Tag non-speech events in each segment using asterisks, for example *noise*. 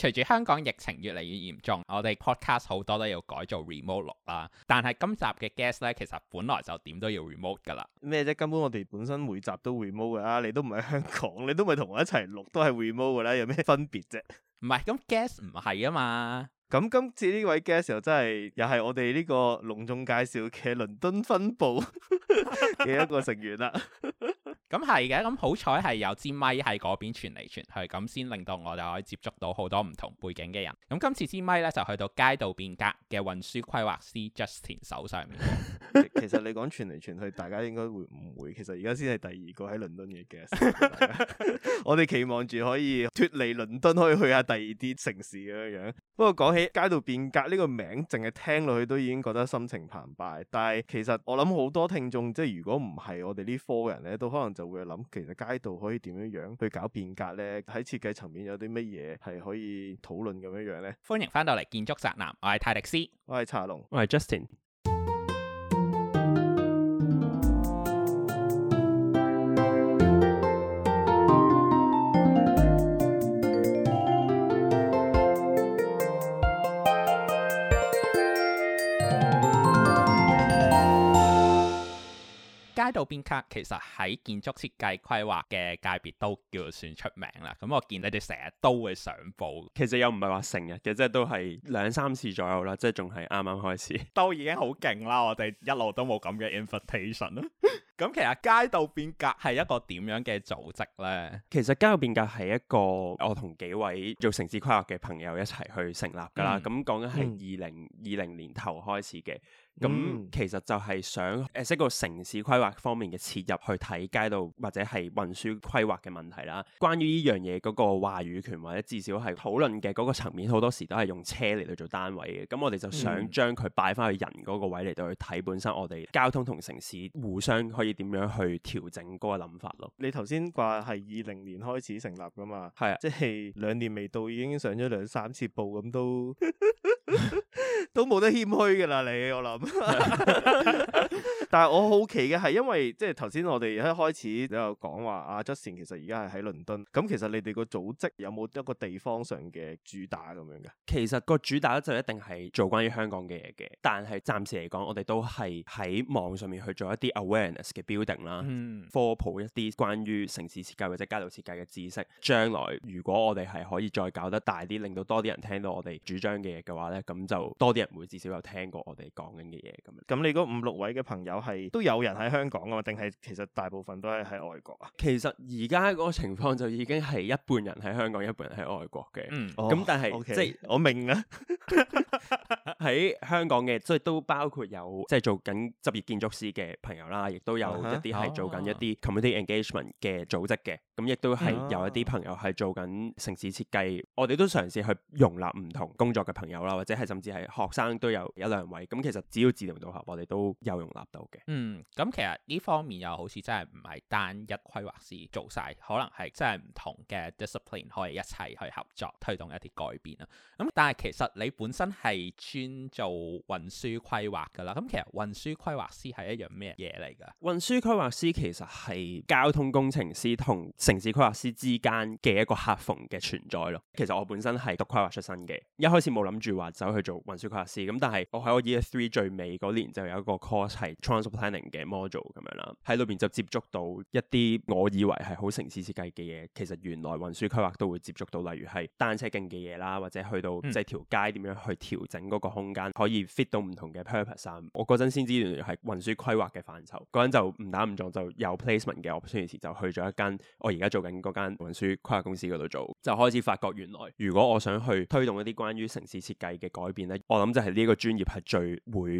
隨住香港疫情越嚟越嚴重，我哋 podcast 好多都要改做 remote 錄啦。但係今集嘅 guest 咧，其實本來就點都要 remote 噶啦。咩啫？根本我哋本身每集都 remote 噶啦、啊，你都唔係香港，你都咪同我一齊錄，都係 remote 噶啦、啊，有咩分別啫？唔係，咁 guest 唔係啊嘛。咁今次呢位 guest 又真係，又係我哋呢個隆重介紹嘅倫敦分部嘅一個成員啦。 *laughs* 咁係嘅，咁、嗯嗯、好彩係有支咪喺嗰邊傳嚟傳去，咁先令到我哋可以接觸到好多唔同背景嘅人。咁、嗯、今次支咪咧就去到街道變革嘅運輸規劃師 Justin 手上面。 *laughs* 其實你講傳嚟傳去，大家應該會唔會？其實而家先係第二個喺倫敦嘅嘅。 *laughs* *laughs* 我哋期望住可以脫離倫敦，可以去下第二啲城市咁樣。不過講起街道變革呢個名，淨係聽落去都已經覺得心情澎湃。但係其實我諗好多聽眾，即係如果唔係我哋呢科人咧，都可能。就會諗其實街道可以點樣樣去搞變革呢？喺設計層面有啲乜嘢係可以討論咁樣樣呢？歡迎翻到嚟建築宅男，我係泰迪斯，我係茶龍，我係 Justin。街道變革其實喺建築設計規劃嘅界別都叫做算出名啦。咁我見你哋成日都會上報嘅，其實又唔係話成日嘅，即係都係兩三次左右啦。即係仲係啱啱開始，都已經好勁啦。我哋一路都冇咁嘅 invitation 咯。咁 *laughs* *laughs* 其實街道變革係一個點樣嘅組織呢？其實街道變革係一個我同幾位做城市規劃嘅朋友一齊去成立噶啦。咁講緊係二零二零年頭開始嘅。咁、嗯、其實就係想誒識、嗯啊、個城市規劃方面嘅切入去睇街道或者係運輸規劃嘅問題啦。關於呢樣嘢嗰個話語權，或者至少係討論嘅嗰個層面，好多時都係用車嚟到做單位嘅。咁、嗯嗯嗯、我哋就想將佢擺翻去人嗰個位嚟到去睇本身我哋交通同城市互相可以點樣去調整嗰個諗法咯。你頭先話係二零年開始成立噶嘛？係啊，即係兩年未到已經上咗兩三次報，咁都 *laughs* 都冇得謙虛噶啦！你我諗。 *laughs* *laughs* 但係我好奇嘅係，因為即係頭先我哋一開始，你有講話阿、啊、Justin 其實而家係喺倫敦，咁其實你哋個組織有冇一個地方上嘅主打咁樣嘅？其實個主打就一定係做關於香港嘅嘢嘅，但係暫時嚟講，我哋都係喺網上面去做一啲 awareness 嘅 building 啦，嗯、科普一啲關於城市設計或者街道設計嘅知識。將來如果我哋係可以再搞得大啲，令到多啲人聽到我哋主張嘅嘢嘅話咧，咁就多啲人會至少有聽過我哋講嘅嘅嘢，咁你嗰五六位嘅朋友係都有人喺香港啊，定係其實大部分都係喺外國啊？其實而家個情況就已經係一半人喺香港，一半人喺外國嘅。咁但係即係我明啦。喺香港嘅，即係都包括有即係、就是、做緊執業建築師嘅朋友啦，亦都有一啲係做緊一啲 community engagement 嘅組織嘅。咁亦都係有一啲朋友係做緊城市設計，嗯、我哋都嘗試去容納唔同工作嘅朋友啦，或者係甚至係學生都有一兩位。咁、嗯、其實。只要制定到合，我哋都有容納到嘅，嗯。嗯，咁其實呢方面又好似真係唔係單一規劃師做晒，可能係真係唔同嘅 discipline 可以一齊去合作，推動一啲改變啊。咁，嗯，但係其實你本身係專做運輸規劃噶啦。咁，嗯，其實運輸規劃師係一樣咩嘢嚟噶？運輸規劃師其實係交通工程師同城市規劃師之間嘅一個夾縫嘅存在咯。其實我本身係讀規劃出身嘅，一開始冇諗住話走去做運輸規劃師。咁但係我喺我 year three 最尾嗰年就有一個 course 係 transport planning 嘅 module 咁樣啦，喺裏邊就接觸到一啲我以為係好城市設計嘅嘢，其實原來運輸規劃都會接觸到，例如係單車徑嘅嘢啦，或者去到即係條街點樣去調整嗰個空間，可以 fit 到唔同嘅 purpose、啊。我嗰陣先知原來係運輸規劃嘅範疇，嗰陣就唔打唔撞就有 placement 嘅 opportunity，我於是就去咗一間我而家做緊嗰間運輸規劃公司嗰度做，就開始發覺原來如果我想去推動一啲關於城市設計嘅改變咧，我諗就係呢個專業係最會。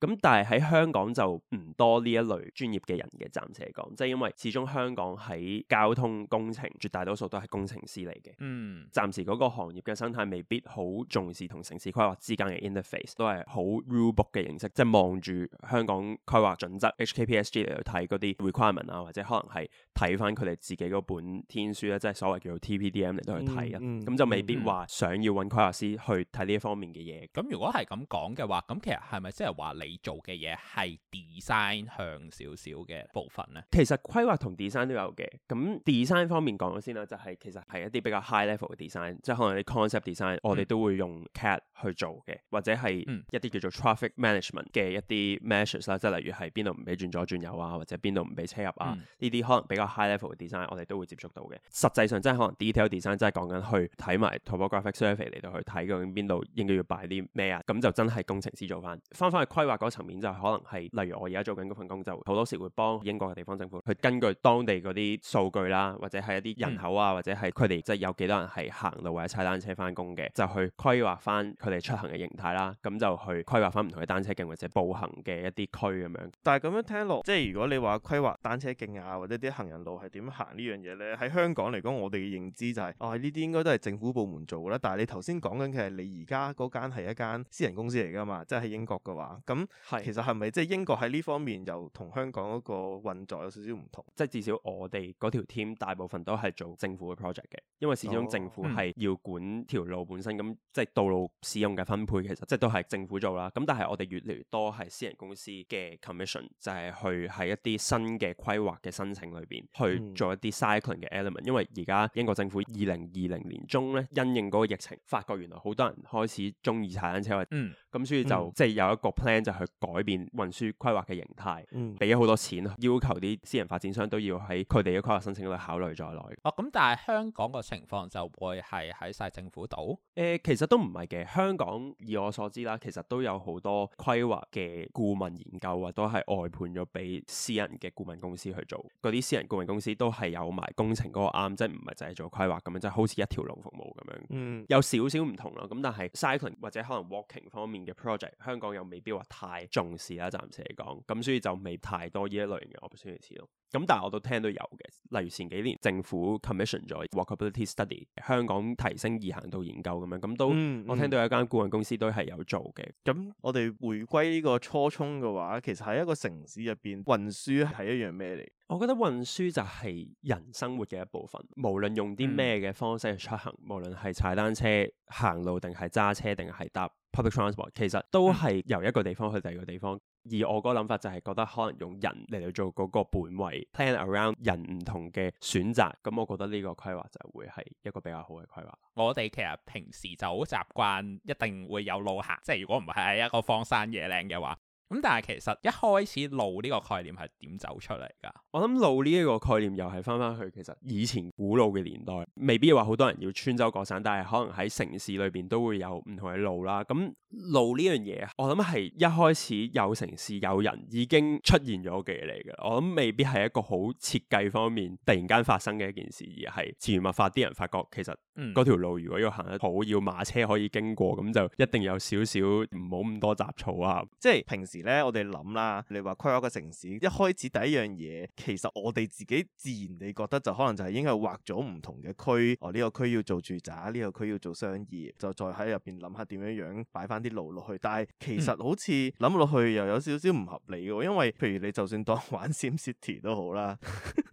咁、嗯、但係喺香港就唔多呢一類專業嘅人嘅，暫時嚟講，即係因為始終香港喺交通工程，絕大多數都係工程師嚟嘅。嗯，暫時嗰個行業嘅生態未必好重視同城市規劃之間嘅 interface，都係好 rule book 嘅形式，即係望住香港規劃準則 HKPSG 嚟去睇嗰啲 requirement 啊，或者可能係睇翻佢哋自己嗰本天書咧、啊，即係所謂叫做 TPDM 嚟到去睇啊。咁、嗯嗯、就未必話想要揾規劃師去睇呢一方面嘅嘢。咁、嗯嗯嗯、如果係咁講嘅話，咁其實係咪即係話你你做嘅嘢係 design 向少少嘅部分咧，其實規劃同 design 都有嘅。咁 design 方面講咗先啦，就係、是、其實係一啲比較 high level 嘅 design，即係可能啲 concept design，我哋都會用 CAD、嗯、去做嘅，或者係一啲叫做 traffic management 嘅一啲 measures 啦、嗯，即係例如係邊度唔俾轉左轉右啊，或者邊度唔俾車入啊，呢啲、嗯、可能比較 high level 嘅 design，我哋都會接觸到嘅。實際上真係可能 detail design，真係講緊去睇埋 topographic survey 嚟到去睇究竟邊度應該要擺啲咩啊，咁就真係工程師做翻，翻翻去規劃。嗰個層面就可能係，例如我而家做緊嗰份工作，就好多時會幫英國嘅地方政府去根據當地嗰啲數據啦，或者係一啲人口啊，或者係佢哋即係有幾多人係行路或者踩單車翻工嘅，就去規劃翻佢哋出行嘅形態啦。咁就去規劃翻唔同嘅單車徑或者步行嘅一啲區咁樣。但係咁樣聽落，即係如果你話規劃單車徑啊，或者啲行人路係點行呢樣嘢咧，喺香港嚟講，我哋嘅認知就係、是、哦，呢啲應該都係政府部門做啦。但係你頭先講緊其實你而家嗰間係一間私人公司嚟㗎嘛，即係喺英國嘅話，咁。係，是其實係咪即係英國喺呢方面又同香港嗰個運作有少少唔同？即係至少我哋嗰條 team 大部分都係做政府嘅 project 嘅，因為始終政府係要管條路本身，咁、哦嗯、即係道路使用嘅分配，其實即係都係政府做啦。咁但係我哋越嚟越多係私人公司嘅 commission，就係去喺一啲新嘅規劃嘅申請裏邊去做一啲 cycling 嘅 element。因為而家英國政府二零二零年中咧，因應嗰個疫情，發覺原來好多人開始鍾意踩單車啊，咁、嗯、所以就、嗯、即係有一個 plan 就係。去改變運輸規劃嘅形態，俾咗好多錢，要求啲私人發展商都要喺佢哋嘅規劃申請度考慮在內。哦，咁、嗯、但係香港嘅情況就會係喺晒政府度？誒、呃，其實都唔係嘅。香港以我所知啦，其實都有好多規劃嘅顧問研究啊，都係外判咗俾私人嘅顧問公司去做。嗰啲私人顧問公司都係有埋工程嗰個啱，即係唔係淨係做規劃咁樣，即係好似一條龍服務咁樣，嗯、少少。嗯，有少少唔同咯。咁但係 cycling 或者可能 walking 方面嘅 project，香港又未必話太太重視啦，暫時嚟講，咁所以就未太多呢一類型嘅 objective 咯。咁但係我都聽到有嘅，例如前幾年政府 commission 咗 walkability study 香港提升易行度研究咁樣，咁都、嗯嗯、我聽到有一間顧問公司都係有做嘅。咁我哋回歸呢個初衷嘅話，其實喺一個城市入邊運輸係一樣咩嚟？我覺得運輸就係人生活嘅一部分，無論用啲咩嘅方式去出行，嗯、無論係踩單車、行路定係揸車定係搭 Public transport 其實都係由一個地方去第二個地方，而我個諗法就係覺得可能用人嚟到做嗰個本位 plan around 人唔同嘅選擇，咁、嗯、我覺得呢個規劃就係會係一個比較好嘅規劃。我哋其實平時就好習慣一定會有路行，即係如果唔係喺一個荒山野嶺嘅話。咁但係其實一開始路呢個概念係點走出嚟噶？我諗路呢一個概念又係翻翻去其實以前古老嘅年代，未必話好多人要穿州過省，但係可能喺城市裏邊都會有唔同嘅路啦。咁路呢樣嘢，我諗係一開始有城市有人已經出現咗嘅嘢嚟嘅。我諗未必係一個好設計方面突然間發生嘅一件事，而係自然物化啲人發覺其實。嗯，嗰條路如果要行得好，要馬車可以經過，咁就一定有少少唔好咁多雜草啊。即係平時呢，我哋諗啦，你話規劃個城市，一開始第一樣嘢，其實我哋自己自然地覺得就可能就係應該劃咗唔同嘅區，哦呢個區要做住宅，呢個區要做商業，就再喺入邊諗下點樣樣擺翻啲路落去。但係其實好似諗落去又有少少唔合理嘅，因為譬如你就算當玩 Sim City 都好啦，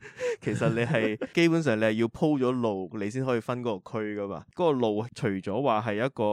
*laughs* 其實你係 *laughs* 基本上你係要鋪咗路，你先可以分個區。去噶嘛，嗰個路除咗話係一個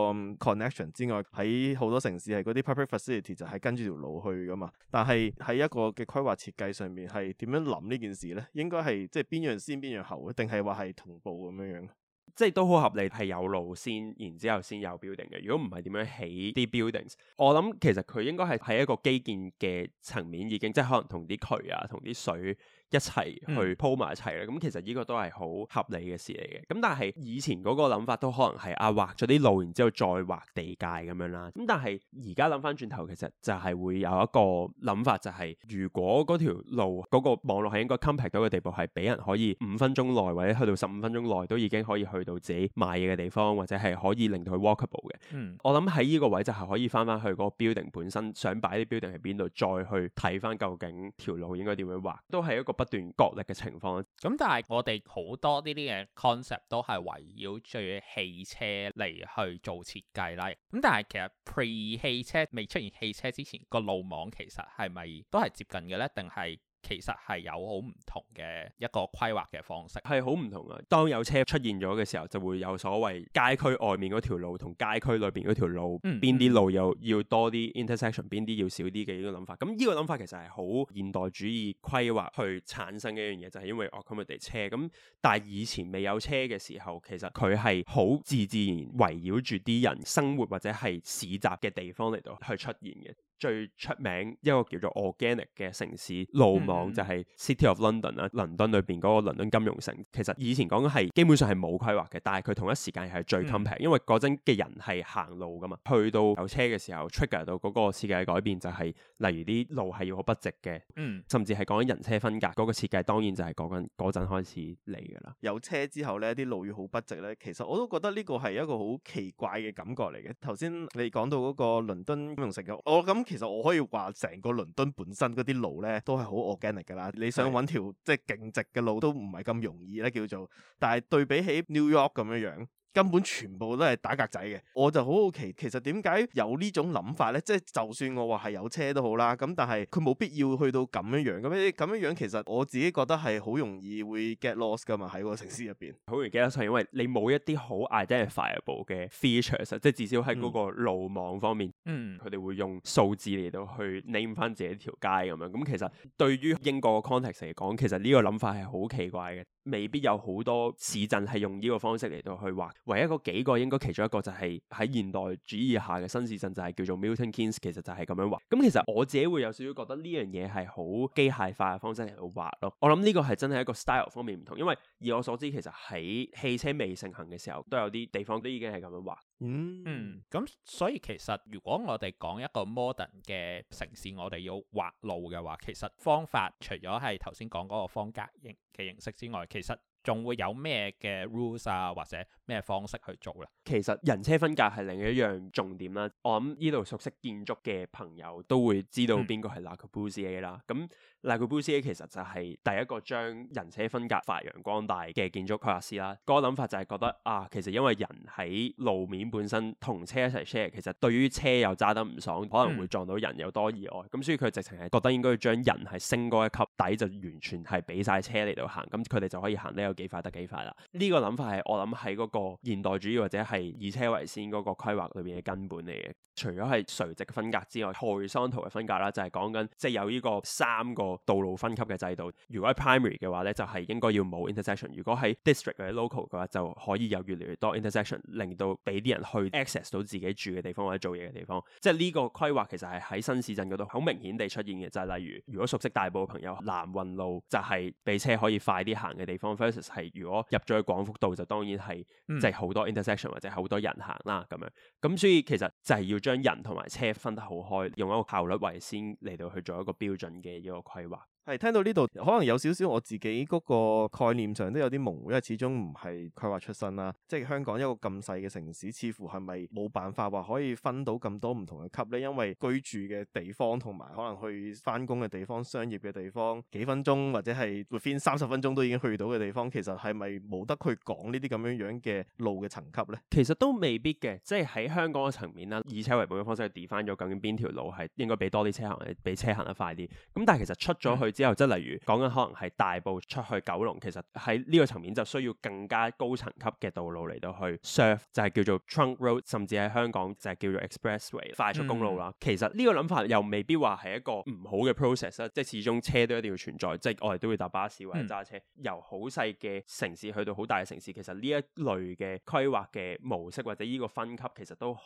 connection 之外，喺好多城市係嗰啲 public facility 就係跟住條路去噶嘛。但係喺一個嘅規劃設計上面，係點樣諗呢件事呢？應該係即係邊樣先邊樣後，定係話係同步咁樣樣？即係都好合理，係有路先，然之後先有 building 嘅。如果唔係點樣起啲 buildings？我諗其實佢應該係喺一個基建嘅層面已經，即係可能同啲渠啊，同啲水。一齊去鋪埋一齊咧，咁、嗯嗯、其實呢個都係好合理嘅事嚟嘅。咁但係以前嗰個諗法都可能係啊畫咗啲路，然之後再畫地界咁樣啦。咁、嗯、但係而家諗翻轉頭，其實就係會有一個諗法、就係，就係如果嗰條路嗰、嗰個網絡係應該 compact 到嘅地步，係俾人可以五分鐘內或者去到十五分鐘內都已經可以去到自己買嘢嘅地方，或者係可以令到佢 walkable 嘅。嗯、我諗喺呢個位就係可以翻翻去嗰個 building 本身想擺啲 building 喺邊度，再去睇翻究竟條路應該點樣畫，都係一個不斷角力嘅情況，咁但係我哋好多呢啲嘅 concept 都係圍繞住汽車嚟去做設計啦。咁但係其實，pre 汽車未出現汽車之前，個路網其實係咪都係接近嘅咧？定係？其實係有好唔同嘅一個規劃嘅方式，係好唔同啊！當有車出現咗嘅時候，就會有所謂街區外面嗰條路同街區裏邊嗰條路，邊啲、嗯嗯、路又要多啲 intersection，邊啲要少啲嘅呢個諗法。咁、嗯、呢、這個諗法其實係好現代主義規劃去產生嘅一樣嘢，就係、是、因為 accommodate 車。咁但係以前未有車嘅時候，其實佢係好自自然圍繞住啲人生活或者係市集嘅地方嚟到去出現嘅。最出名一個叫做 organic 嘅城市路網、嗯、就係 City of London 啊，倫敦裏邊嗰個倫敦金融城，其實以前講緊係基本上係冇規劃嘅，但係佢同一時間係最 compact，嗯、因為嗰陣嘅人係行路㗎嘛，去到有車嘅時候，trigger 到嗰個設計改變就係、是，例如啲路係要好筆直嘅，嗯、甚至係講緊人車分隔嗰、那個設計，當然就係嗰陣嗰陣開始嚟㗎啦。有車之後呢啲路要好筆直呢，其實我都覺得呢個係一個好奇怪嘅感覺嚟嘅。頭先你講到嗰個倫敦金融城嘅，我咁。其實我可以話成個倫敦本身嗰啲路咧，都係好 organic 噶啦。你想揾條是的 即係勁直嘅路都唔係咁容易咧，叫做。但係對比起 New York 咁樣樣。根本全部都係打格仔嘅，我就好好奇，其實點解有呢種諗法咧？即係就算我話係有車都好啦，咁但係佢冇必要去到咁樣樣咁樣樣。其實我自己覺得係好容易會 get lost 噶嘛，喺個城市入邊好容易 get lost，因為你冇一啲好 identifiable 嘅 features，即係至少喺嗰個路網方面，嗯，佢哋會用數字嚟到去 name 翻自己條街咁樣。咁、嗯嗯、其實對於英國嘅 context 嚟講，其實呢個諗法係好奇怪嘅，未必有好多市鎮係用呢個方式嚟到去劃。唯一嗰幾個，應該其中一個就係喺現代主義下嘅新市鎮就係叫做 Milton Keynes，其實就係咁樣畫。咁，嗯，其實我自己會有少少覺得呢樣嘢係好機械化嘅方式嚟去畫咯。我諗呢個係真係一個 style 方面唔同，因為以我所知，其實喺汽車未盛行嘅時候，都有啲地方都已經係咁樣畫。嗯，咁所以其實如果我哋講一個 modern 嘅城市，我哋要畫路嘅話，其實方法除咗係頭先講嗰個方格形嘅形式之外，其實仲會有咩嘅 rules 啊，或者咩方式去做啦？其實人車分隔係另一樣重點啦。我諗呢度熟悉建築嘅朋友都會知道邊個係 Le Corbusier 啦。咁 Le Corbusier 其實就係第一個將人車分隔發揚光大嘅建築規劃師啦。嗰個諗法就係覺得啊，其實因為人喺路面本身同車一齊 share，其實對於車又揸得唔爽，可能會撞到人有多意外。咁、嗯、所以佢直情係覺得應該要將人係升高一級，底就完全係俾晒車嚟到行，咁佢哋就可以行呢、呢個。幾快得幾快啦！呢個諗法係我諗喺嗰個現代主義或者係以車為先嗰個規劃裏邊嘅根本嚟嘅。除咗係垂直分隔之外 horizontal 嘅分隔啦，就係講緊即係有呢個三個道路分級嘅制度。如果係 primary 嘅話咧，就係應該要冇 intersection；如果喺 district 或者 local 嘅話，就可以有越嚟越多 intersection，令到俾啲人去 access 到自己住嘅地方或者做嘢嘅地方。即係呢個規劃其實係喺新市鎮嗰度好明顯地出現嘅，就係例如如果熟悉大埔嘅朋友，南運路就係俾車可以快啲行嘅地方。係如果入咗去廣福道，就當然係，即係好多 intersection 或者好多人行啦，咁樣，咁，所以其實，就係要將人同埋車分得好開，用一個效率為先嚟到去做一個標準嘅一個規劃。係聽到呢度，可能有少少我自己嗰個概念上都有啲模糊，因為始終唔係規劃出身啦、啊。即係香港一個咁細嘅城市，似乎係咪冇辦法話可以分到咁多唔同嘅級呢？因為居住嘅地方同埋可能去翻工嘅地方、商業嘅地方，幾分鐘或者係 within 三十分鐘都已經去到嘅地方，其實係咪冇得去講呢啲咁樣樣嘅路嘅層級呢？其實都未必嘅，即係喺香港嘅層面啦，以車為本嘅方式去 design 咗，究竟邊條路係應該俾多啲車行、俾車行得快啲？咁但係其實出咗去。嗯之後，即係例如講緊，可能係大埔出去九龍。其實喺呢個層面，就需要更加高層級嘅道路嚟到去 serve，就係叫做 trunk road，甚至喺香港就係叫做 expressway 快速公路啦。嗯、其實呢個諗法又未必話係一個唔好嘅 process，即係始終車都一定要存在，即係我哋都會搭巴士或者揸車、嗯、由好細嘅城市去到好大嘅城市。其實呢一類嘅規劃嘅模式或者呢個分級，其實都好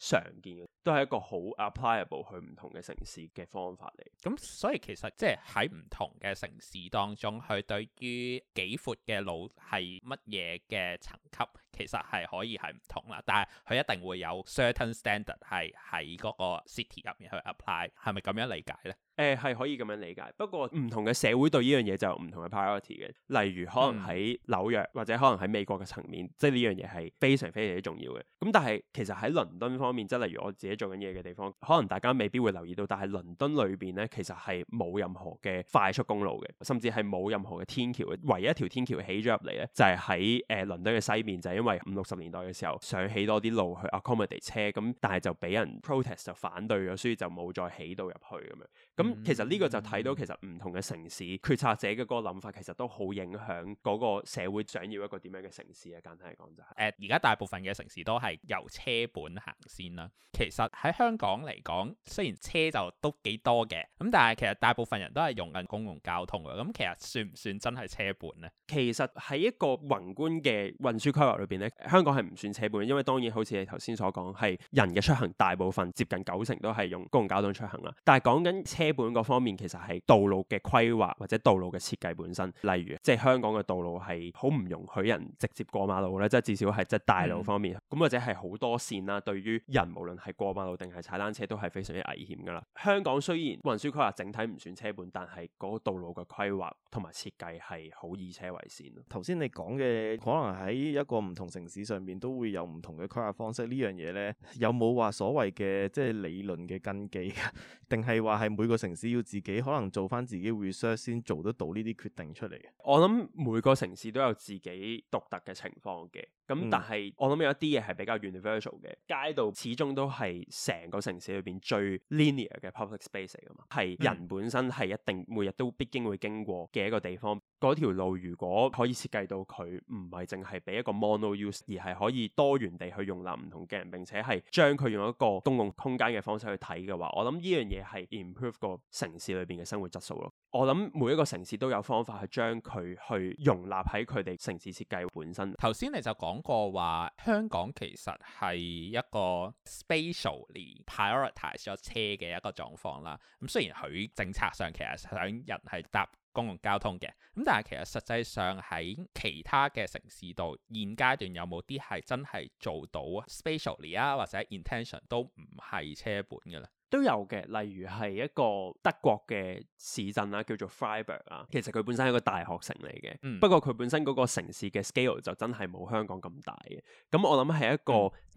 常見，都係一個好 applicable 去唔同嘅城市嘅方法嚟。咁所以其實即係喺唔同嘅城市當中，佢對於幾闊嘅路係乜嘢嘅層級。其實係可以係唔同啦，但係佢一定會有 certain standard 係喺嗰個 city 入面去 apply，係咪咁樣理解咧？誒、呃，係可以咁樣理解，不過唔同嘅社會對呢樣嘢就有唔同嘅 priority 嘅。例如可能喺紐約、嗯、或者可能喺美國嘅層面，即係呢樣嘢係非常非常之重要嘅。咁但係其實喺倫敦方面，即係例如我自己做緊嘢嘅地方，可能大家未必會留意到，但係倫敦裏邊咧，其實係冇任何嘅快速公路嘅，甚至係冇任何嘅天橋嘅，唯一一條天橋起咗入嚟咧，就係喺誒倫敦嘅西面，就係、是、因為。五六十年代嘅時候，想起多啲路去 accommodate 車，咁但係就俾人 protest 就反對咗，所以就冇再起到入去咁樣。咁其實呢個就睇到其實唔同嘅城市決策者嘅嗰個諗法，其實都好影響嗰個社會想要一個點樣嘅城市啊。簡單嚟講就係，誒而家大部分嘅城市都係由車本行先啦。其實喺香港嚟講，雖然車就都幾多嘅，咁但係其實大部分人都係用緊公共交通嘅。咁其實算唔算真係車本咧？其實喺一個宏觀嘅運輸規劃裏邊。香港係唔算車本，因為當然好似你頭先所講，係人嘅出行大部分接近九成都係用公共交通出行啦。但係講緊車本嗰方面，其實係道路嘅規劃或者道路嘅設計本身，例如即係香港嘅道路係好唔容許人直接過馬路咧，即係至少係即係大路方面咁，嗯、或者係好多線啦。對於人無論係過馬路定係踩單車都係非常之危險㗎啦。香港雖然運輸規劃整體唔算車本，但係嗰個道路嘅規劃同埋設計係好以車為先。頭先你講嘅可能喺一個唔同城市上面都會有唔同嘅規劃方式，呢樣嘢呢，有冇話所謂嘅即係理論嘅根基啊？定係話係每個城市要自己可能做翻自己 research 先做得到呢啲決定出嚟？我諗每個城市都有自己獨特嘅情況嘅。咁、嗯、但係我諗有一啲嘢係比較 universal 嘅，街道始終都係成個城市裏邊最 linear 嘅 public space 嚟嘛，係人本身係一定每日都必經會經過嘅一個地方。嗰條、嗯、路如果可以設計到佢唔係淨係俾一個 mono use，而係可以多元地去容納唔同嘅人，並且係將佢用一個公共空間嘅方式去睇嘅話，我諗呢樣嘢係 improve 個城市裏邊嘅生活質素咯。我諗每一個城市都有方法去將佢去容納喺佢哋城市設計本身。頭先你就講。講過話香港其實係一個 spatially prioritize 咗車嘅一個狀況啦。咁雖然佢政策上其實想人係搭公共交通嘅，咁但係其實實際上喺其他嘅城市度，現階段有冇啲係真係做到啊？Spatially 啊，或者 intention 都唔係車本噶啦。都有嘅，例如係一個德國嘅市鎮啦，叫做 Freiburg 啊，其實佢本身係一個大學城嚟嘅，嗯、不過佢本身嗰個城市嘅 scale 就真係冇香港咁大嘅。咁、嗯、我諗係一個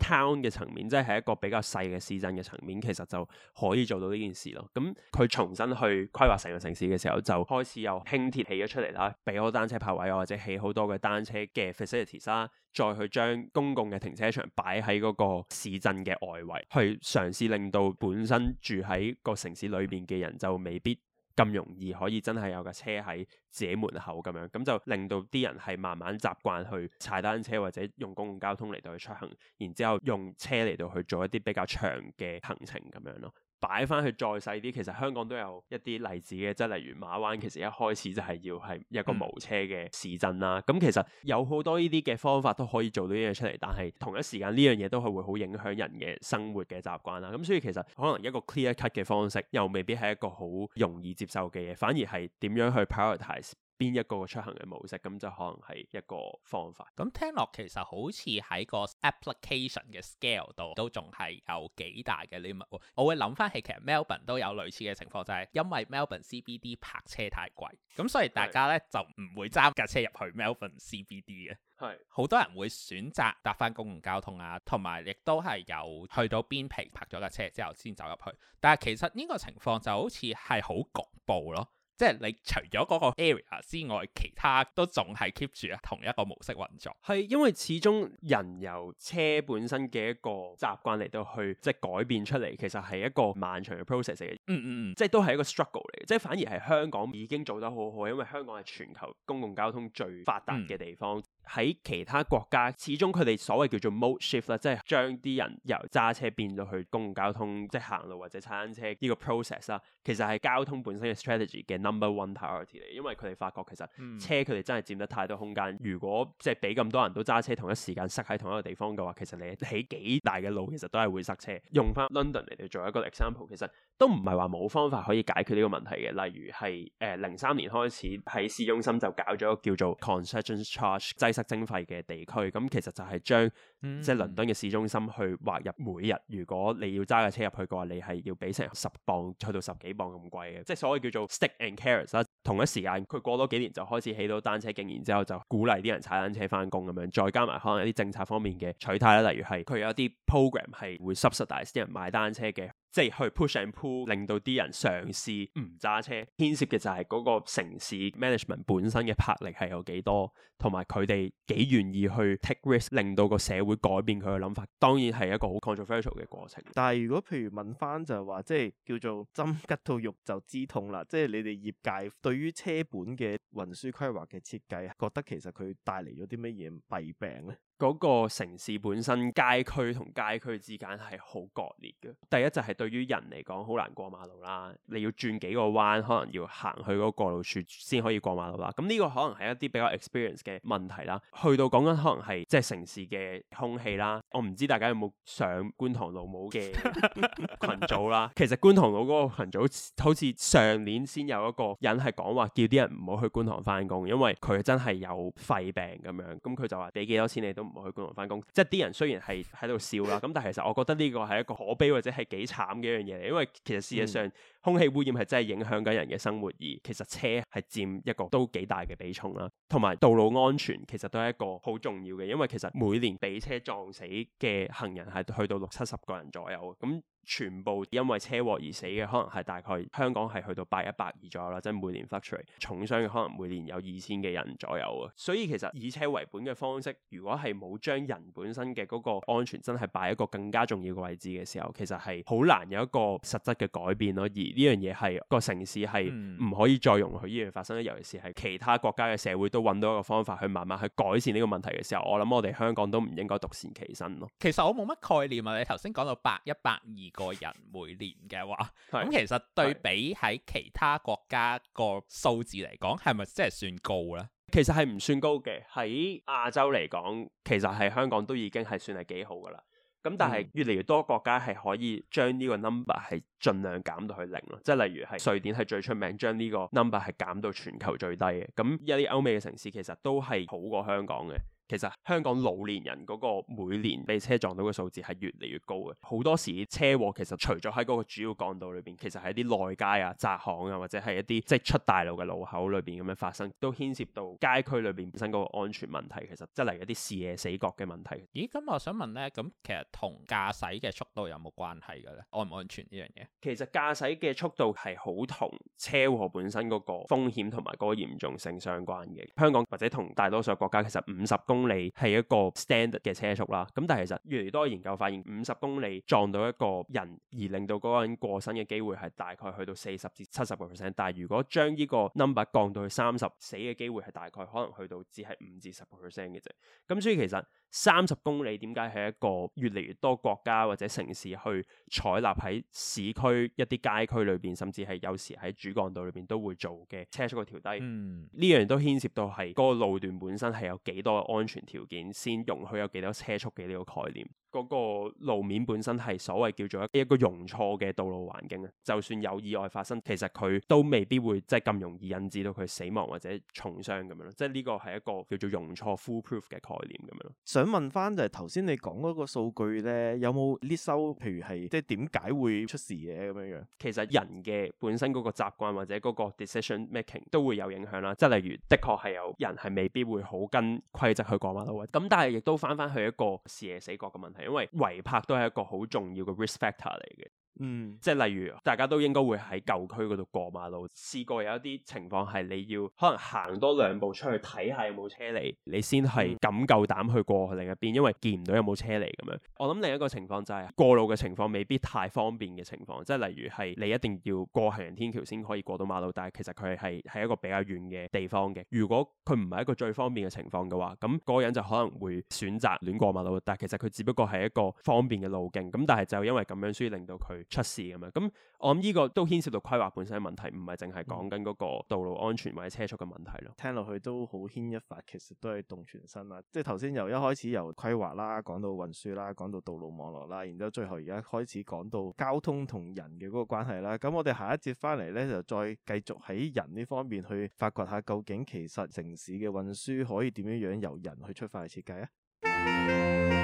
town 嘅層面，即、就、係、是、一個比較細嘅市鎮嘅層面，其實就可以做到呢件事咯。咁、嗯、佢、嗯、重新去規劃成個城市嘅時候，就開始有輕鐵起咗出嚟啦，俾好多單車泊位啊，或者起好多嘅單車嘅 facilities 啦、啊。再去將公共嘅停車場擺喺嗰個市鎮嘅外圍，去嘗試令到本身住喺個城市裏邊嘅人就未必咁容易可以真係有架車喺自己門口咁樣，咁就令到啲人係慢慢習慣去踩單車或者用公共交通嚟到去出行，然之後用車嚟到去做一啲比較長嘅行程咁樣咯。擺翻去再細啲，其實香港都有一啲例子嘅，即係例如馬灣，其實一開始就係要係一個無車嘅市鎮啦。咁、嗯、其實有好多呢啲嘅方法都可以做到呢樣出嚟，但係同一時間呢樣嘢都係會好影響人嘅生活嘅習慣啦。咁所以其實可能一個 clear cut 嘅方式，又未必係一個好容易接受嘅嘢，反而係點樣去 prioritize。邊一個出行嘅模式，咁就可能係一個方法。咁聽落，其實好似喺個 application 嘅 scale 度都仲係有幾大嘅呢物喎。我會諗翻起，其實 Melbourne 都有類似嘅情況，就係、是，因為 Melbourne CBD 泊車太貴，咁所以大家咧是就唔會揸架車入去 Melbourne CBD 嘅。係是，好多人會選擇搭翻公共交通啊，同埋亦都係有去到邊皮泊咗架車之後先走入去。但係其實呢個情況就好似係好局部咯。即係你除咗嗰個 area 之外，其他都仲係 keep 住同一個模式運作。係因為始終人由車本身嘅一個習慣嚟到去，即係改變出嚟，其實係一個漫長嘅 process 嘅。嗯嗯嗯，即係都係一個 struggle 嚟嘅。即係反而係香港已經做得好好，因為香港係全球公共交通最發達嘅地方。嗯喺其他國家，始終佢哋所謂叫做 mode shift 啦，即係將啲人由揸車變到去公共交通，即係行路或者踩單車呢個 process 啦。其實係交通本身嘅 strategy 嘅 number one priority 嚟，因為佢哋發覺其實車佢哋真係佔得太多空間。如果即係俾咁多人都揸車同一時間塞喺同一個地方嘅話，其實你起幾大嘅路其實都係會塞車。用翻 London 嚟做一個 example，其實。都唔係話冇方法可以解決呢個問題嘅，例如係誒零三年開始喺市中心就搞咗一個叫做 congestion charge 擠塞徵費嘅地區，咁其實就係將、嗯、即係倫敦嘅市中心去劃入每，每日如果你要揸架車入去嘅話，你係要俾成十磅去到十幾磅咁貴嘅，即係所謂叫做 stick and carrot 啦。同一時間佢過多幾年就開始起到單車徑，然之後就鼓勵啲人踩單車翻工咁樣，再加埋可能一啲政策方面嘅取態啦，例如係佢有一啲 program 係會 subsidize 啲人買單車嘅。即係去 push and pull，令到啲人嘗試唔揸車，牽涉嘅就係嗰個城市 management 本身嘅魄力係有幾多，同埋佢哋幾願意去 take risk，令到個社會改變佢嘅諗法。當然係一個好 controversial 嘅過程。但係如果譬如問翻就係話，即係叫做針拮到肉就知痛啦。即係你哋業界對於車本嘅運輸規劃嘅設計，覺得其實佢帶嚟咗啲乜嘢弊病咧？嗰個城市本身街區同街區之間係好割裂嘅。第一就係對於人嚟講好難過馬路啦，你要轉幾個彎可能要行去嗰個過路處先可以過馬路啦。咁、嗯、呢、這個可能係一啲比較 experience 嘅問題啦。去到講緊可能係即係城市嘅空氣啦，我唔知大家有冇上觀塘老母嘅群組啦。 *laughs* 其實觀塘老嗰個羣組好似上年先有一個人係講話叫啲人唔好去觀塘翻工，因為佢真係有肺病咁樣，咁、嗯、佢就話俾幾多錢你都。唔去觀塘翻工，即係啲人雖然係喺度笑啦，咁但係其實我覺得呢個係一個可悲或者係幾慘嘅一樣嘢嚟，因為其實事實上，嗯空氣污染係真係影響緊人嘅生活，而其實車係佔一個都幾大嘅比重啦。同埋道路安全其實都係一個好重要嘅，因為其實每年畀車撞死嘅行人係去到六七十個人左右。咁全部因為車禍而死嘅，可能係大概香港係去到百一百二左右啦。即係每年發出嚟，重傷嘅可能每年有二千幾人左右。啊。所以其實以車為本嘅方式，如果係冇將人本身嘅嗰個安全真係擺喺一個更加重要嘅位置嘅時候，其實係好難有一個實質嘅改變咯。而呢樣嘢係個城市係唔可以再容許呢樣發生咧，尤其是係其他國家嘅社會都揾到一個方法去慢慢去改善呢個問題嘅時候，我諗我哋香港都唔應該獨善其身咯。其實我冇乜概念啊，你頭先講到百一百二個人每年嘅話，咁 *laughs* 其實對比喺其他國家個數字嚟講，係咪真係算高咧？其實係唔算高嘅，喺亞洲嚟講，其實係香港都已經係算係幾好噶啦。咁但係越嚟越多國家係可以將呢個 number 係盡量減到去零，即係例如係瑞典係最出名將呢個 number 係減到全球最低嘅，咁一啲歐美嘅城市其實都係好過香港嘅。其實香港老年人嗰個每年被車撞到嘅數字係越嚟越高嘅，好多時車禍其實除咗喺嗰個主要幹道裏邊，其實喺啲內街啊、窄巷啊，或者係一啲即係出大路嘅路口裏邊咁樣發生，都牽涉到街區裏邊本身嗰個安全問題，其實即係例如一啲視野死角嘅問題。咦，咁我想問呢，咁其實同駕駛嘅速度有冇關係嘅咧？安唔安全呢樣嘢？其實駕駛嘅速度係好同車禍本身嗰個風險同埋嗰個嚴重性相關嘅。香港或者同大多數國家其實五十公公里係一個 standard 嘅車速啦，咁但係其實越嚟越多研究發現，五十公里撞到一個人而令到嗰個人過身嘅機會係大概去到四十至七十個 percent，但係如果將呢個 number 降到去三十，死嘅機會係大概可能去到只係五至十個 percent 嘅啫，咁所以其實。三十公里點解係一個越嚟越多國家或者城市去採納喺市區一啲街區裏邊，甚至係有時喺主幹道裏邊都會做嘅車速嘅調低？嗯，呢樣都牽涉到係嗰個路段本身係有幾多安全條件先容許有幾多車速嘅呢個概念。嗰個路面本身係所謂叫做一一個容錯嘅道路環境啊，就算有意外發生，其實佢都未必會即係咁容易引致到佢死亡或者重傷咁樣咯。即係呢個係一個叫做容錯 foolproof 嘅概念咁樣咯。想問翻就係頭先你講嗰個數據咧，有冇接收？譬如係即係點解會出事嘅咁樣樣？其實人嘅本身嗰個習慣或者嗰個 decision making 都會有影響啦。即係例如，的確係有人係未必會好跟規則去過馬路嘅。咁、嗯、但係亦都翻翻去一個視野死角嘅問題，因為違泊都係一個好重要嘅 risk factor 嚟嘅。嗯，即係例如大家都應該會喺舊區嗰度過馬路，試過有一啲情況係你要可能行多兩步出去睇下有冇車嚟，你先係咁夠膽去過去另一邊，因為見唔到有冇車嚟咁樣。我諗另一個情況就係過路嘅情況未必太方便嘅情況，即係例如係你一定要過行人天橋先可以過到馬路，但係其實佢係係一個比較遠嘅地方嘅。如果佢唔係一個最方便嘅情況嘅話，咁個人就可能會選擇亂過馬路，但係其實佢只不過係一個方便嘅路徑。咁但係就因為咁樣，所以令到佢出事咁樣，咁我諗呢個都牽涉到規劃本身嘅問題，唔係淨係講緊嗰個道路安全或者車速嘅問題咯、嗯。聽落去都好牽一髮，其實都係動全身啊！即係頭先由一開始由規劃啦，講到運輸啦，講到道路網絡啦，然之後最後而家開始講到交通同人嘅嗰個關係啦。咁、嗯嗯、我哋下一節翻嚟呢，就再繼續喺人呢方面去發掘下，究竟其實城市嘅運輸可以點樣樣由人去出發嚟設計啊！嗯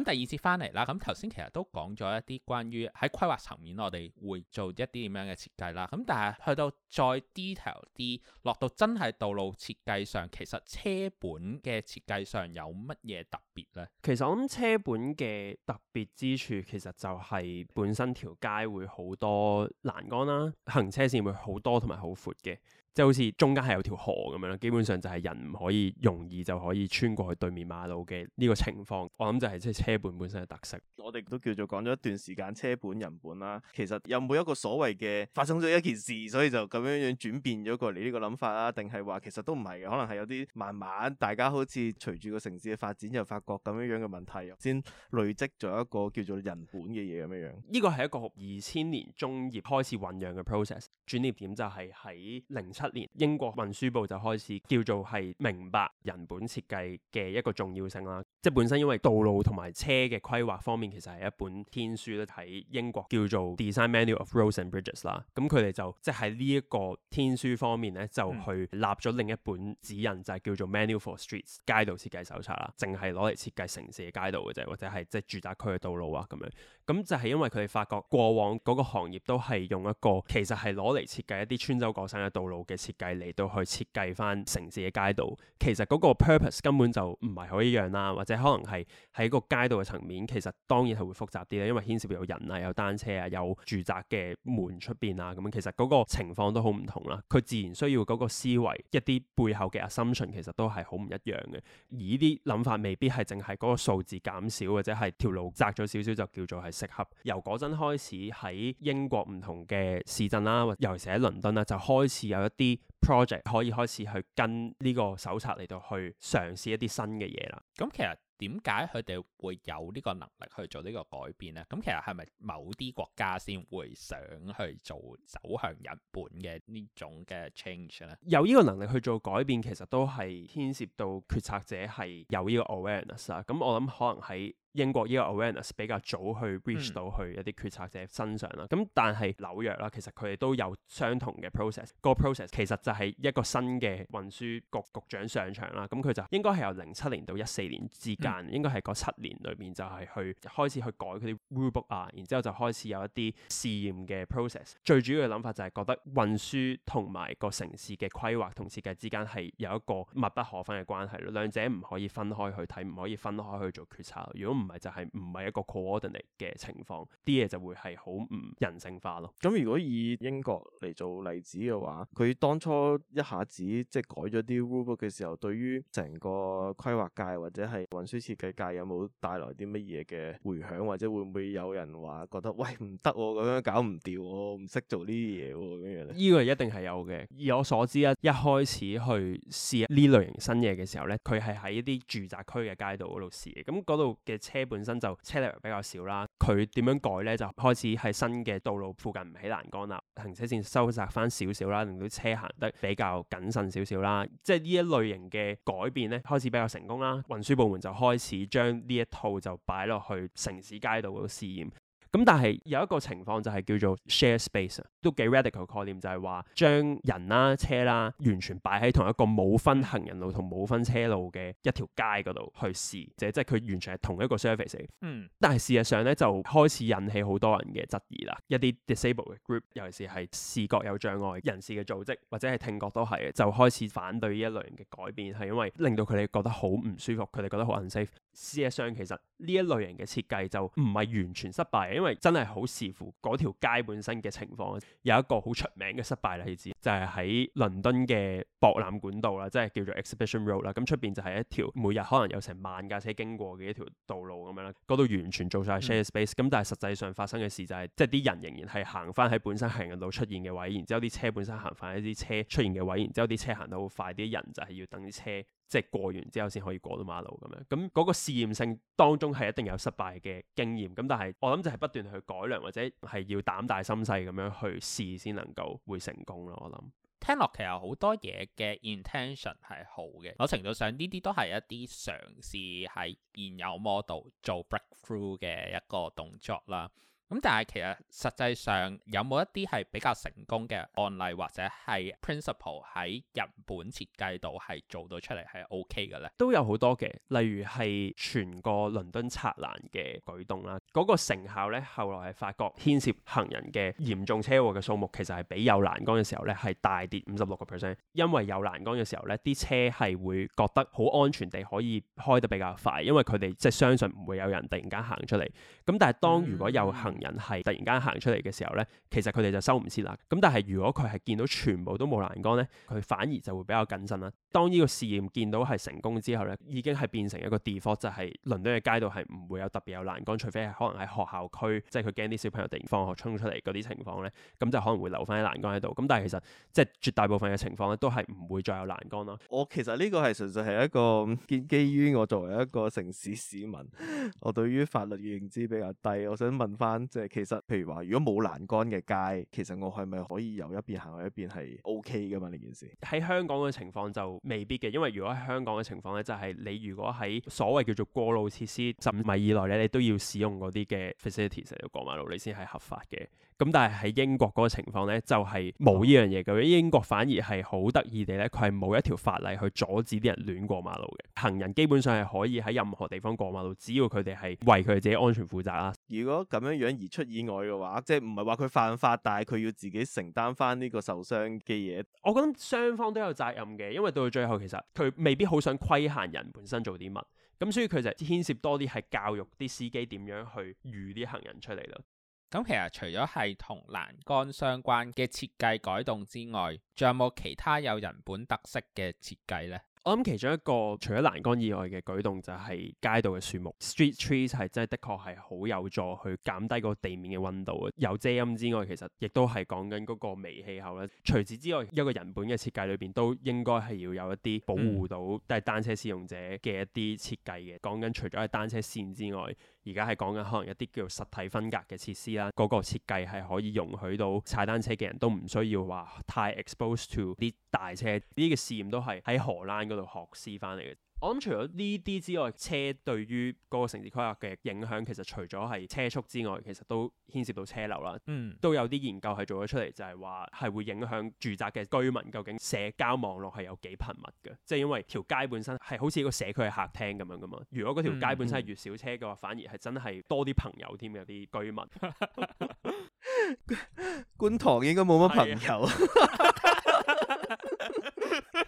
咁第二次翻嚟啦，咁頭先其實都講咗一啲關於喺規劃層面，我哋會做一啲點樣嘅設計啦。咁但係去到再 detail 啲，落到真係道路設計上，其實車本嘅設計上有乜嘢特別呢？其實我諗車本嘅特別之處，其實就係本身條街會好多欄杆啦，行車線會好多同埋好闊嘅。即係好似中間係有條河咁樣啦，基本上就係人唔可以容易就可以穿過去對面馬路嘅呢個情況，我諗就係即係車本本身嘅特色。我哋都叫做講咗一段時間車本人本啦，啊，其實有冇一個所謂嘅發生咗一件事，所以就咁樣這樣轉變咗過嚟呢個諗法啊？定係話其實都唔係嘅，可能係有啲慢慢大家好似隨住個城市嘅發展，就發覺咁樣樣嘅問題，先累積咗一個叫做人本嘅嘢咁樣樣。呢個係一個二千年中葉開始醞釀嘅 process，轉捩點就係喺零。七年，英國運輸部就開始叫做係明白人本設計嘅一個重要性啦。即係本身因為道路同埋車嘅規劃方面，其實係一本天書咧，喺英國叫做《Design Manual of Roads and Bridges》啦。咁佢哋就即係喺呢一個天書方面咧，就去立咗另一本指引，就係叫做《Manual for Streets》街道設計手冊啦。淨係攞嚟設計城市嘅街道嘅啫，或者係即係住宅區嘅道路啊咁樣。咁就係因為佢哋發覺過往嗰個行業都係用一個其實係攞嚟設計一啲穿州過省嘅道路。嘅設計嚟到去設計翻城市嘅街道，其實嗰個 purpose 根本就唔係可以一樣啦，或者可能係喺個街道嘅層面，其實當然係會複雜啲啦，因為牽涉有人啊、有單車啊、有住宅嘅門出邊啊咁樣，其實嗰個情況都好唔同啦。佢自然需要嗰個思維，一啲背後嘅 assumption 其實都係好唔一樣嘅。而呢啲諗法未必係淨係嗰個數字減少，或者係條路窄咗少少就叫做係適合。由嗰陣開始喺英國唔同嘅市鎮啦，尤其是喺倫敦啦，就開始有一啲 project 可以開始去跟呢個手冊嚟到去嘗試一啲新嘅嘢啦。咁其實點解佢哋會有呢個能力去做呢個改變呢？咁其實係咪某啲國家先會想去做走向人本嘅呢種嘅 change 呢？有呢個能力去做改變，其實都係牽涉到決策者係有呢個 awareness 啊。咁我諗可能喺英國呢個 awareness 比較早去 reach 到去一啲決策者身上啦，咁、嗯、但係紐約啦、啊，其實佢哋都有相同嘅 process。個 process 其實就係一個新嘅運輸局局長上場啦，咁佢就應該係由零七年到一四年之間，嗯、應該係嗰七年裏面就係去開始去改佢啲 rulebook 啊，然之後就開始有一啲試驗嘅 process。最主要嘅諗法就係覺得運輸同埋個城市嘅規劃同設計之間係有一個密不可分嘅關係咯，兩者唔可以分開去睇，唔可以分開去做決策。如果唔咪就係唔係一個 coordinate 嘅情況，啲嘢就會係好唔人性化咯。咁如果以英國嚟做例子嘅話，佢當初一下子即係改咗啲 rule 嘅時候，對於成個規劃界或者係運輸設計界有冇帶來啲乜嘢嘅回響，或者會唔會有人話覺得喂唔得咁樣搞唔掂，我唔識做、啊、呢啲嘢咁樣咧？呢個一定係有嘅。以我所知啊，一開始去試呢類型新嘢嘅時候呢，佢係喺一啲住宅區嘅街道嗰度試嘅。咁嗰度嘅車本身就車量比較少啦，佢點樣改呢？就開始喺新嘅道路附近唔起欄杆啦，行車線收窄翻少少啦，令到車行得比較謹慎少少啦，即係呢一類型嘅改變呢，開始比較成功啦，運輸部門就開始將呢一套就擺落去城市街道度試驗。咁但係有一個情況就係叫做 share space，就是、啊，都幾 radical 概念就係話將人啦、車啦、啊，完全擺喺同一個冇分行人路同冇分車路嘅一條街嗰度去試，即係即係佢完全係同一個 surface。嗯，但係事實上咧就開始引起好多人嘅質疑啦，一啲 disabled 嘅 group，尤其是係視覺有障礙人士嘅組織或者係聽覺都係，就開始反對呢一類型嘅改變，係因為令到佢哋覺得好唔舒服，佢哋覺得好 unsafe。事實上，其實呢一類型嘅設計就唔係完全失敗嘅，因為真係好視乎嗰條街本身嘅情況。有一個好出名嘅失敗例子，就係喺倫敦嘅博覽館道啦，即係叫做 Exhibition Road 啦、嗯。咁出邊就係一條每日可能有成萬架車經過嘅一條道路咁樣啦。嗰度完全做晒 share space，咁、嗯、但係實際上發生嘅事就係、是，即係啲人仍然係行翻喺本身行人路出現嘅位，然之後啲車本身行翻喺啲車出現嘅位，然之後啲車行得好快，啲人就係要等啲車。即係過完之後先可以過到馬路咁樣，咁嗰個試驗性當中係一定有失敗嘅經驗，咁但係我諗就係不斷去改良或者係要膽大心細咁樣去試先能夠會成功咯。我諗聽落其實好多嘢嘅 intention 係好嘅，某程度上呢啲都係一啲嘗試喺現有 model 做 breakthrough 嘅一個動作啦。咁但係其實實際上有冇一啲係比較成功嘅案例或者係 principle 喺日本設計度係做到出嚟係 OK 嘅咧？都有好多嘅，例如係全個倫敦拆欄嘅舉動啦，嗰個成效咧，後來係發覺牽涉行人嘅嚴重車禍嘅數目其實係比有欄杆嘅時候咧，係大跌五十六個 percent，因為有欄杆嘅時候咧，啲車係會覺得好安全地可以開得比較快，因為佢哋即係相信唔會有人突然間行出嚟。咁但係當如果有行、嗯嗯人係突然間行出嚟嘅時候咧，其實佢哋就收唔切啦。咁但係如果佢係見到全部都冇欄杆咧，佢反而就會比較謹慎啦。當呢個試驗見到係成功之後咧，已經係變成一個 default，就係倫敦嘅街道係唔會有特別有欄杆，除非係可能喺學校區，即係佢驚啲小朋友突然放學衝出嚟嗰啲情況咧，咁就可能會留翻啲欄杆喺度。咁但係其實即係、就是、絕大部分嘅情況咧，都係唔會再有欄杆咯。我其實呢個係純粹係一個建基於我作為一個城市市民，我對於法律嘅認知比較低。我想問翻，即係其實譬如話如果冇欄杆嘅街，其實我係咪可以由一邊行去一邊係 OK 噶嘛？呢件事喺香港嘅情況就。未必嘅，因為如果喺香港嘅情況咧，就係你如果喺所謂叫做過路設施十五米以內咧，你都要使用嗰啲嘅 facilities 嚟過馬路，你先係合法嘅。咁但係喺英國嗰個情況咧，就係冇呢樣嘢嘅。英國反而係好得意地咧，佢係冇一條法例去阻止啲人亂過馬路嘅。行人基本上係可以喺任何地方過馬路，只要佢哋係為佢哋自己安全負責啦。如果咁樣樣而出意外嘅話，即係唔係話佢犯法，但係佢要自己承擔返呢個受傷嘅嘢。我覺得雙方都有責任嘅，因為到最後其實佢未必好想規限人本身做啲乜，咁所以佢就牽涉多啲係教育啲司機點樣去預啲行人出嚟咯。咁其實除咗係同欄杆相關嘅設計改動之外，仲有冇其他有人本特色嘅設計呢？我諗其中一個除咗欄杆以外嘅舉動就係街道嘅樹木，street trees 係真係的，的確係好有助去減低個地面嘅溫度啊。有遮陰之外，其實亦都係講緊嗰個微氣候咧。除此之外，一個人本嘅設計裏邊都應該係要有一啲保護到即係單車使用者嘅一啲設計嘅。講緊、嗯、除咗係單車線之外。而家係講緊可能一啲叫做實體分隔嘅設施啦，嗰個設計係可以容許到踩單車嘅人都唔需要話太 expose to 啲大車，呢個試驗都係喺荷蘭嗰度學師翻嚟嘅。我諗除咗呢啲之外，車對於嗰個城市規劃嘅影響，其實除咗係車速之外，其實都牽涉到車流啦。嗯、都有啲研究係做咗出嚟，就係話係會影響住宅嘅居民究竟社交網絡係有幾頻密嘅。即、就、係、係、因為條街本身係好似一個社區客廳咁樣噶嘛。如果嗰條街本身係越少車嘅話，嗯嗯，反而係真係多啲朋友添有啲居民。 *laughs* *laughs* 觀塘應該冇乜朋友啊。 *laughs* *laughs*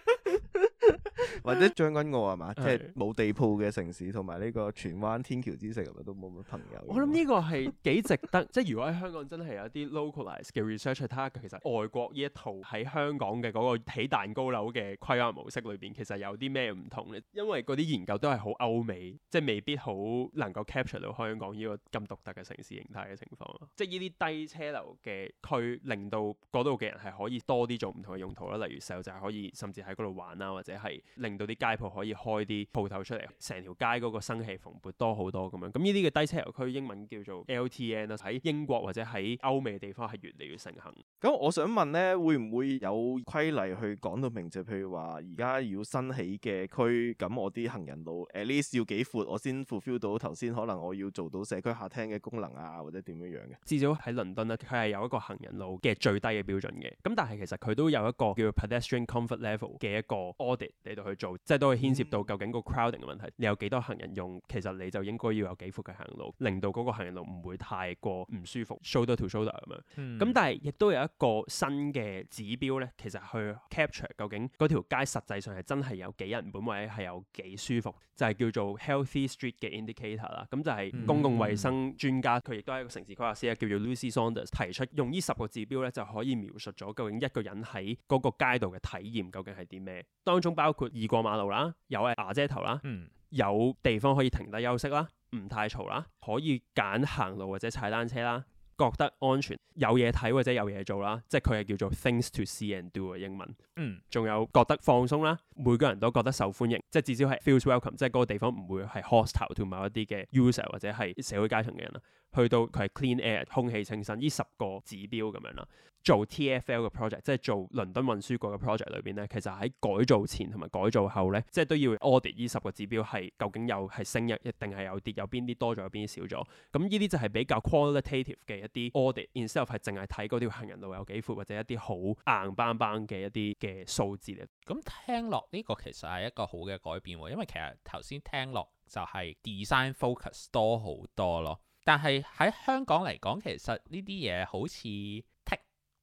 或者將軍澳係嘛，即係冇地鋪嘅城市，同埋呢個荃灣天橋之城，咪都冇乜朋友。我諗呢個係幾值得， *laughs* 即係如果喺香港真係有啲 localised 嘅 research 去、er、睇下，其實外國呢一套喺香港嘅嗰個起蛋糕樓嘅規劃模式裏邊，其實有啲咩唔同咧？因為嗰啲研究都係好歐美，即係未必好能夠 capture 到香港呢個咁獨特嘅城市形態嘅情況。即係呢啲低車流嘅區，令到嗰度嘅人係可以多啲做唔同嘅用途啦，例如細路仔可以甚至喺嗰度玩啊，或者係令。令到啲街鋪可以開啲鋪頭出嚟，成條街嗰個生氣蓬勃多好多咁樣。咁呢啲嘅低車油區，英文叫做 LTN 啦，喺英國或者喺歐美嘅地方係越嚟越盛行。咁我想問咧，會唔會有規例去講到明，就譬如話而家要新起嘅區，咁我啲行人路誒呢啲要幾闊，我先 fulfill 到頭先可能我要做到社區客廳嘅功能啊，或者點樣樣嘅？至少喺倫敦咧，佢係有一個行人路嘅最低嘅標準嘅。咁但係其實佢都有一個叫 pedestrian comfort level 嘅一個 audit 嚟度去。做即係都係牽涉到究竟個 crowding 嘅問題，你有幾多行人用，其實你就應該要有幾闊嘅行路，令到嗰個行人路唔會太過唔舒服，shoulder to shoulder 咁樣。咁但係亦都有一個新嘅指標咧，其實去 capture 究竟嗰條街實際上係真係有幾人本位，係有幾舒服，就係、是、叫做 healthy street 嘅 indicator 啦。咁就係公共衛生專家佢亦都係一個城市規劃師啊，叫做 Lucy Saunders，提出，用呢十個指標咧就可以描述咗究竟一個人喺嗰個街道嘅體驗究竟係啲咩，當中包括過馬路啦，有瓦遮頭啦，嗯、有地方可以停低休息啦，唔太嘈啦，可以揀行路或者踩單車啦，覺得安全，有嘢睇或者有嘢做啦，即係佢係叫做 things to see and do 嘅英文，嗯，仲有覺得放鬆啦，每個人都覺得受歡迎，即係至少係 feels welcome，即係嗰個地方唔會係 hostile to 某一啲嘅 user 或者係社會階層嘅人啦，去到佢係 clean air，空氣清新，呢十個指標咁樣啦。做 TFL 嘅 project，即係做倫敦運輸局嘅 project 裏邊咧，其實喺改造前同埋改造後咧，即係都要 audit 呢十個指標，係究竟有係升入，一定係有啲有邊啲多咗，有邊啲少咗。咁呢啲就係比較 qualitative 嘅一啲 audit，instead of 係淨係睇嗰啲行人路有幾闊，或者一啲好硬邦邦嘅一啲嘅數字嚟。咁聽落呢個其實係一個好嘅改變喎，因為其實頭先聽落就係 design focus 多好多咯。但係喺香港嚟講其實呢啲嘢好似～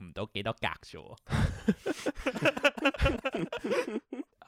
唔到幾多格啫喎。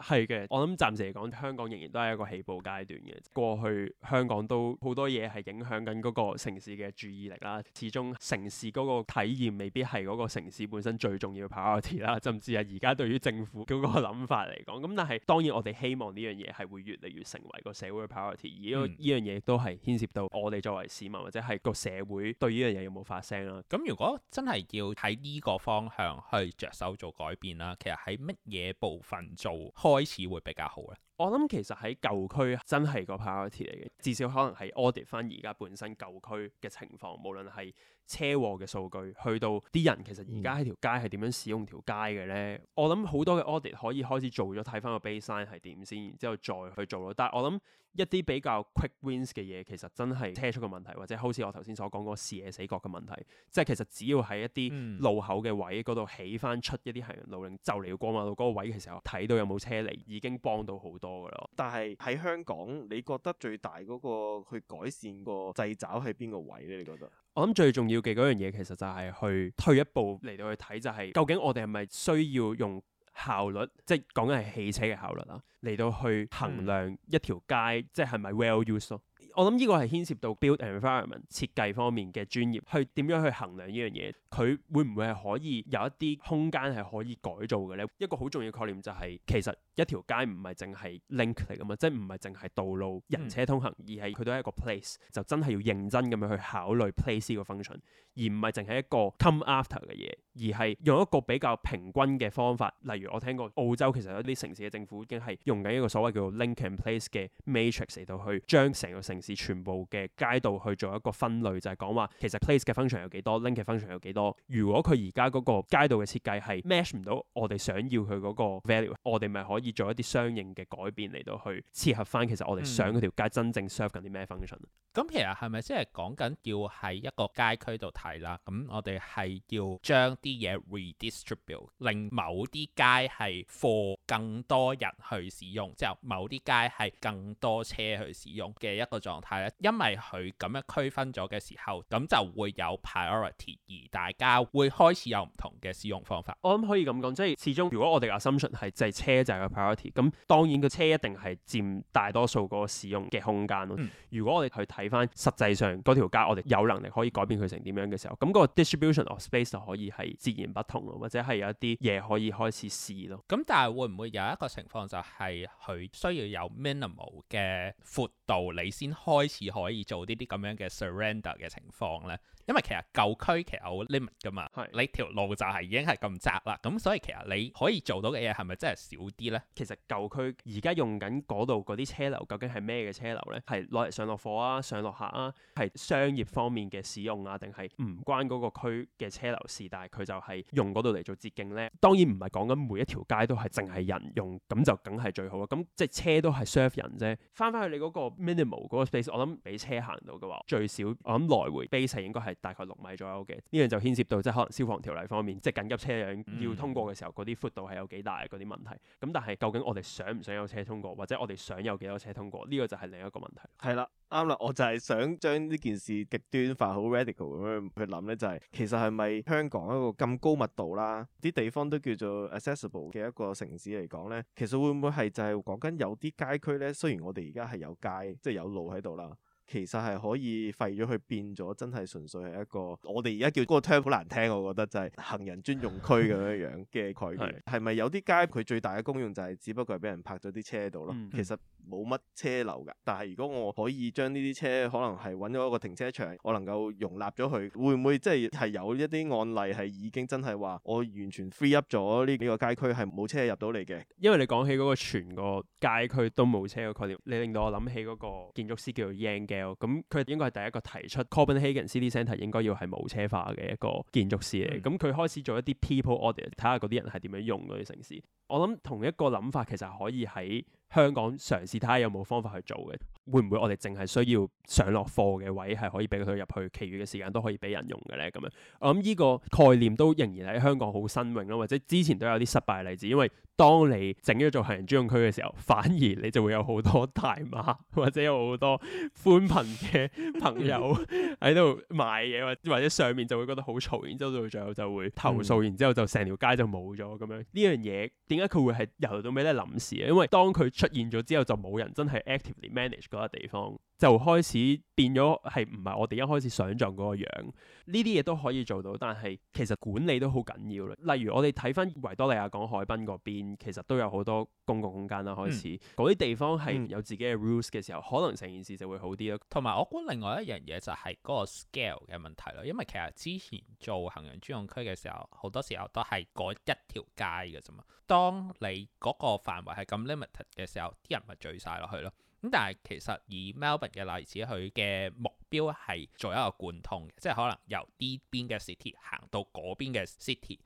係嘅，我諗暫時嚟講，香港仍然都係一個起步階段嘅。過去香港都好多嘢係影響緊嗰個城市嘅注意力啦。始終城市嗰個體驗未必係嗰個城市本身最重要嘅 priority 啦，甚至係而家對於政府嗰個諗法嚟講。咁但係當然我哋希望呢樣嘢係會越嚟越成為個社會嘅 priority。而呢呢樣嘢都係牽涉到我哋作為市民或者係個社會對呢樣嘢有冇發聲啦。咁、嗯、如果真係要喺呢個方向去着手做改變啦，其實喺乜嘢部分做開始會比較好啊？我諗其實喺舊區真係個 priority 嚟嘅，至少可能係 audit 翻而家本身舊區嘅情況，無論係車禍嘅數據，去到啲人其實而家喺條街係點樣使用條街嘅咧？我諗好多嘅 audit 可以開始做咗睇翻個 baseline 係點先，然之後再去做咯。但係我諗一啲比較 quick wins 嘅嘢，其實真係車速嘅問題，或者好似我頭先所講嗰個視野死角嘅問題，即係其實只要喺一啲路口嘅位嗰度起翻出一啲係、嗯、行人路，就嚟要過馬路嗰個位嘅時候睇到有冇車嚟，已經幫到好多。但係喺香港，你覺得最大嗰個去改善個掣肘係邊個位呢？你覺得？我諗最重要嘅嗰樣嘢，其實就係去退一步嚟到去睇，就係究竟我哋係咪需要用效率，即係講緊係汽車嘅效率啊，嚟到去衡量一條街，嗯、即係係咪 well used 咯。我諗呢個係牽涉到 build environment 設計方面嘅專業，去點樣去衡量呢樣嘢？佢會唔會係可以有一啲空間係可以改造嘅咧？一個好重要概念就係、是，其實一條街唔係淨係 link 嚟噶嘛，即係唔係淨係道路人車通行，嗯、而係佢都係一個 place，就真係要認真咁樣去考慮 place 個 function，而唔係淨係一個 come after 嘅嘢，而係用一個比較平均嘅方法，例如我聽過澳洲其實有啲城市嘅政府已經係用緊一個所謂叫做 link and place 嘅 matrix 嚟到去將成個城。是全部嘅街道去做一個分類，就係講話其實 place 嘅 function 有幾多，link 嘅 function 有幾多。如果佢而家嗰個街道嘅設計係 match 唔到我哋想要佢嗰個 value，我哋咪可以做一啲相應嘅改變嚟到去切合翻，其實我哋想條街真正 serve 緊啲咩 function。咁，嗯，其實係咪即係講緊要喺一個街區度睇啦？咁我哋係要將啲嘢 redistribute，令某啲街係 for 更多人去使用，之後，某啲街係更多車去使用嘅一個狀狀態咧，因為佢咁樣區分咗嘅時候，咁就會有 priority，而大家會開始有唔同嘅使用方法。我諗可以咁講，即係始終如果我哋嘅 assumption 係即係車就係個 priority，咁當然個車一定係佔大多數個使用嘅空間咯。嗯、如果我哋去睇翻實際上嗰條街，我哋有能力可以改變佢成點樣嘅時候，咁個 distribution of space 就可以係自然不同咯，或者係有一啲嘢可以開始試咯。咁但係會唔會有一個情況就係佢需要有 minimal 嘅闊度你先，開始可以做呢啲咁樣嘅 surrender 嘅情況呢。因為其實舊區其實好 limit 㗎嘛，係你條路就係已經係咁窄啦，咁所以其實你可以做到嘅嘢係咪真係少啲咧？其實舊區而家用緊嗰度嗰啲車流究竟係咩嘅車流咧？係攞嚟上落貨啊、上落客啊，係商業方面嘅使用啊，定係唔關嗰個區嘅車流事？但係佢就係用嗰度嚟做捷徑咧。當然唔係講緊每一條街都係淨係人用，咁就梗係最好啦。咁即係車都係 serve 人啫。翻返去你嗰個 minimal 嗰個 space，我諗俾車行到嘅話，最少我諗來回 base 係應該係，大概六米左右嘅，呢樣就牽涉到即係可能消防條例方面，即係緊急車輛要通過嘅時候，嗰啲闊度係有幾大嗰啲問題。咁但係究竟我哋想唔想有車通過，或者我哋想有幾多車通過，呢、這個就係另一個問題。係啦，啱啦，我就係想將呢件事極端化，好 radical 咁樣去諗咧，就係、是、其實係咪香港一個咁高密度啦，啲地方都叫做 accessible 嘅一個城市嚟講咧，其實會唔會係就係講緊有啲街區咧？雖然我哋而家係有街，即、就、係、是、有路喺度啦。其實係可以廢咗佢變咗，真係純粹係一個我哋而家叫嗰個 term 好難聽，我覺得就係行人專用區咁樣樣嘅概念。係咪 *laughs* 是有啲街佢最大嘅功用就係只不過係俾人泊咗啲車度咯？嗯、其實冇乜車流㗎。但係如果我可以將呢啲車可能係揾咗一個停車場，我能夠容納咗佢，會唔會即係係有一啲案例係已經真係話我完全 free up 咗呢幾個街區係冇車入到嚟嘅？因為你講起嗰個全個街區都冇車嘅概念，你令到我諗起嗰個建築師叫做 Yang 嘅。咁佢應該係第一個提出 Copenhagen City Centre 應該要係冇車化嘅一個建築師嚟，咁佢、嗯、開始做一啲 People Audit，睇下嗰啲人係點樣用嗰啲城市。我諗同一個諗法其實可以喺香港嘗試睇下有冇方法去做嘅，會唔會我哋淨係需要上落貨嘅位係可以俾佢入去，其餘嘅時間都可以俾人用嘅咧？咁樣我諗呢個概念都仍然喺香港好新穎咯，或者之前都有啲失敗例子，因為，當你整咗做行人專用區嘅時候，反而你就會有好多大媽或者有好多寬頻嘅朋友喺度買嘢，或者上面就會覺得好嘈，然之後到最後就會投訴，然之後就成條街就冇咗咁樣。呢樣嘢點解佢會係由到尾都係臨時啊？因為當佢出現咗之後，就冇人真係 actively manage 嗰個地方。就開始變咗係唔係我哋一開始想像嗰個樣？呢啲嘢都可以做到，但係其實管理都好緊要啦。例如我哋睇返維多利亞港海濱嗰邊，其實都有好多公共空間啦。開始嗰啲、嗯、地方係有自己嘅 rules 嘅時候，嗯、可能成件事就會好啲咯。同埋我估另外一樣嘢就係嗰個 scale 嘅問題啦。因為其實之前做行人專用區嘅時候，好多時候都係嗰一條街嘅啫嘛。當你嗰個範圍係咁 limit 嘅時候，啲人咪聚晒落去咯。咁但係其實以 Melbourne 嘅例子，佢嘅目標係做一個貫通，即係可能由呢邊嘅 city 行到嗰邊嘅 city，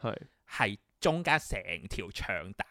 係是中間是成條長帶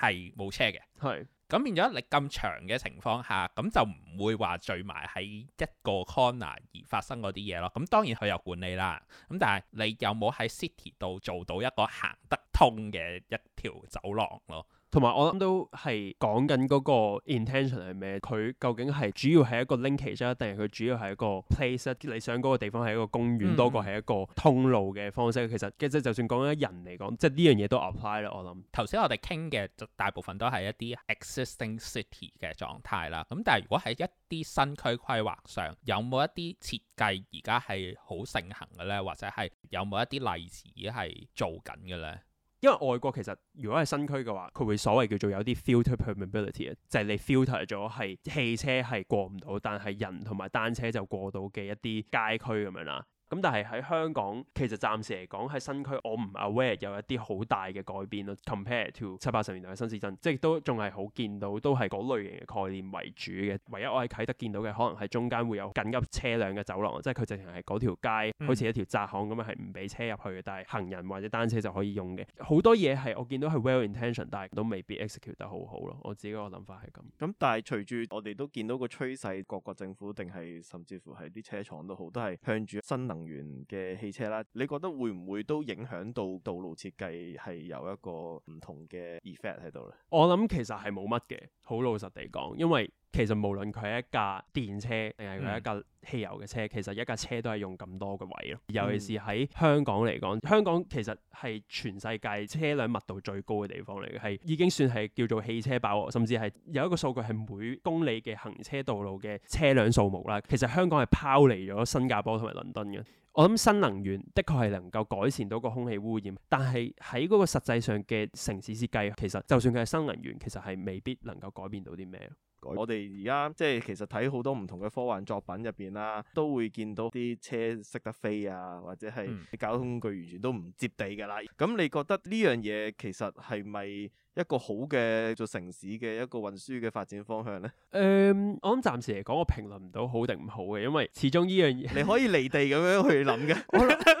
係冇車嘅，係咁變咗你咁長嘅情況下，咁就唔會話聚埋喺一個 corner 而發生嗰啲嘢咯。咁當然佢有管理啦，咁但係你有冇喺 city 度做到一個行得通嘅一條走廊咯？同埋我諗都係講緊嗰個 intention 係咩？佢究竟係主要係一個 linkage 啊，定係佢主要係一個 place 啊？你想嗰個地方係一個公園多過係一個通路嘅方式？其實其實就算講緊人嚟講，即係呢樣嘢都 apply 咯。我諗頭先我哋傾嘅就大部分都係一啲 existing city 嘅狀態啦。咁但係如果喺一啲新區規劃上，有冇一啲設計而家係好盛行嘅咧？或者係有冇一啲例子係做緊嘅咧？因為外國其實如果係新區嘅話，佢會所謂叫做有啲 filter permeability 啊，就係你 filter 咗係汽車係過唔到，但係人同埋單車就過到嘅一啲街區咁樣啦。咁、嗯、但係喺香港，其實暫時嚟講喺新區，我唔 aware 有一啲好大嘅改變咯。Compare to 七八十年代嘅新市鎮，即係都仲係好見到都係嗰類型嘅概念為主嘅。唯一我喺啟德見到嘅，可能係中間會有緊急車輛嘅走廊，即係佢直情係嗰條街、嗯、好似一條窄巷咁啊，係唔俾車入去嘅，但係行人或者單車就可以用嘅。好多嘢係我見到係 well intentioned, 但係都未必 execute 得好好咯。我自己個諗法係咁。咁、嗯、但係隨住我哋都見到個趨勢，各個政府定係甚至乎係啲車廠都好，都係向住新能源嘅汽車啦，你覺得會唔會都影響到道路設計係有一個唔同嘅 effect 喺度呢？我諗其實係冇乜嘅，好老實地講，因為。其實無論佢係一架電車定係佢一架汽油嘅車，其實一架車都係用咁多個位咯。尤其是喺香港嚟講，香港其實係全世界車輛密度最高嘅地方嚟嘅，係已經算係叫做汽車飽和，甚至係有一個數據係每公里嘅行車道路嘅車輛數目啦。其實香港係拋離咗新加坡同埋倫敦嘅。我諗新能源的確係能夠改善到個空氣污染，但係喺嗰個實際上嘅城市設計，其實就算佢係新能源，其實係未必能夠改變到啲咩。我哋而家即係其實睇好多唔同嘅科幻作品入邊啦，都會見到啲車識得飛啊，或者係交通工具完全都唔接地噶啦。咁你覺得呢樣嘢其實係咪一個好嘅做城市嘅一個運輸嘅發展方向呢？誒、呃，我諗暫時嚟講，我評論唔到好定唔好嘅，因為始終呢樣嘢你可以離地咁樣去諗嘅，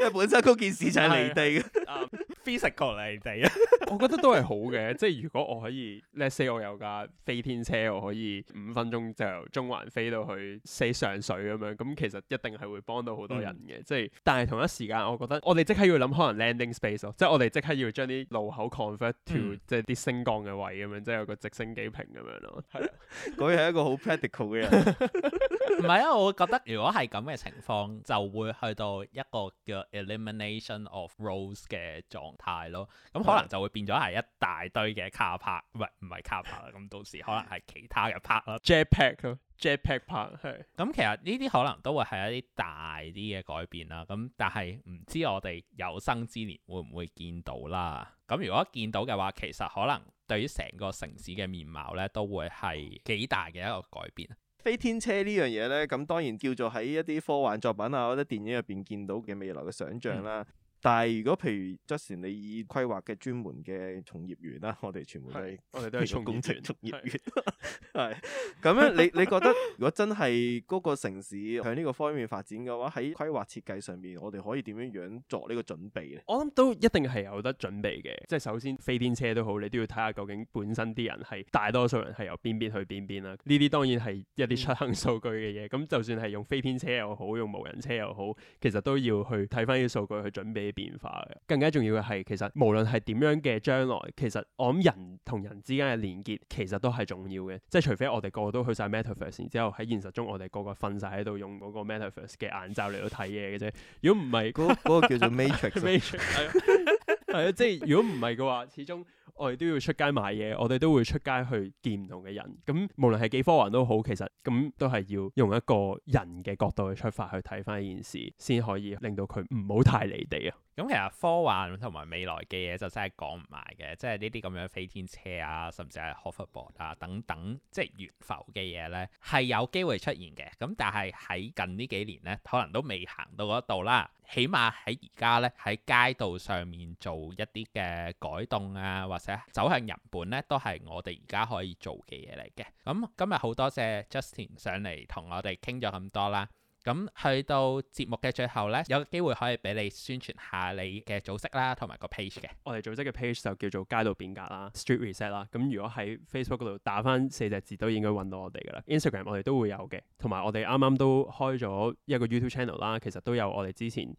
因為 *laughs* *laughs* 本身嗰件事就係離地嘅的。 *laughs* Physical 嚟第一， *laughs* *laughs* 我覺得都係好嘅，即係如果我可以，let's say 我有架飛天車，我可以五分鐘就由中環飛到去 say 上水咁樣，咁其實一定係會幫到好多人嘅。嗯、即係，但係同一時間，我覺得我哋即刻要諗可能 landing space 咯，即係我哋即刻要將啲路口 convert to、嗯、即係啲升降嘅位咁樣，即係有個直升機坪咁樣咯。係啊，佢係一個好 practical 嘅。唔係啊，我覺得如果係咁嘅情況，就會去到一個叫 elimination、um、of rows 嘅狀。派咯，咁可能就會變咗係一大堆嘅卡牌，唔係唔係卡牌啦。咁到時可能係其他嘅 part 啦，JPEG 咯，JPEG part 係。咁其實呢啲可能都會係一啲大啲嘅改變啦。咁但係唔知我哋有生之年會唔會見到啦。咁如果見到嘅話，其實可能對於成個城市嘅面貌咧，都會係幾大嘅一個改變。飛天車呢樣嘢咧，咁當然叫做喺一啲科幻作品啊或者電影入邊見到嘅未來嘅想象啦。但係如果譬如 Justin，你以規劃嘅專門嘅從業員啦，我哋全部，我哋都係從員工程從業員，係咁樣。 *laughs* 你 *laughs* 你覺得如果真係嗰個城市喺呢個方面發展嘅話，喺規劃設計上面，我哋可以點樣樣做呢個準備咧？我諗都一定係有得準備嘅，即係首先飛天車都好，你都要睇下究竟本身啲人係大多數人係由邊邊去邊邊啦。呢啲當然係一啲出行數據嘅嘢。咁 *laughs* 就算係用飛天車又好，用無人車又好，其實都要去睇翻啲數據去準備。變化嘅，更加重要嘅係，其實無論係點樣嘅將來，其實我諗人同人之間嘅連結，其實都係重要嘅。即係除非我哋個個都去晒 Metaverse，然之後喺現實中我哋個個瞓晒喺度用嗰個 Metaverse 嘅眼罩嚟到睇嘢嘅啫。如果唔係，嗰嗰、嗰個叫做 Matrix，係啊，即係如果唔係嘅話，始終我哋都要出街買嘢，我哋都會出街去見唔同嘅人。咁無論係幾科幻都好，其實咁都係要用一個人嘅角度去出發去睇翻呢件事，先可以令到佢唔好太離地啊。咁其實科幻同埋未來嘅嘢就真係講唔埋嘅，即係呢啲咁樣飛天車啊，甚至係 hoverboard 啊等等，即係遠浮嘅嘢呢，係有機會出現嘅。咁但係喺近呢幾年呢，可能都未行到嗰度啦。起碼喺而家呢，喺街道上面做一啲嘅改動啊，或者走向人本呢，都係我哋而家可以做嘅嘢嚟嘅。咁、嗯、今日好多謝 Justin 上嚟同我哋傾咗咁多啦。咁去到節目嘅最後咧，有機會可以俾你宣傳下你嘅組織啦，同埋個 page 嘅。我哋組織嘅 page 就叫做街道變革啦，Street Reset 啦。咁如果喺 Facebook 度打翻四隻字，都應該揾到我哋噶啦。Instagram 我哋都會有嘅，同埋我哋啱啱都開咗一個 YouTube channel 啦。其實都有我哋之前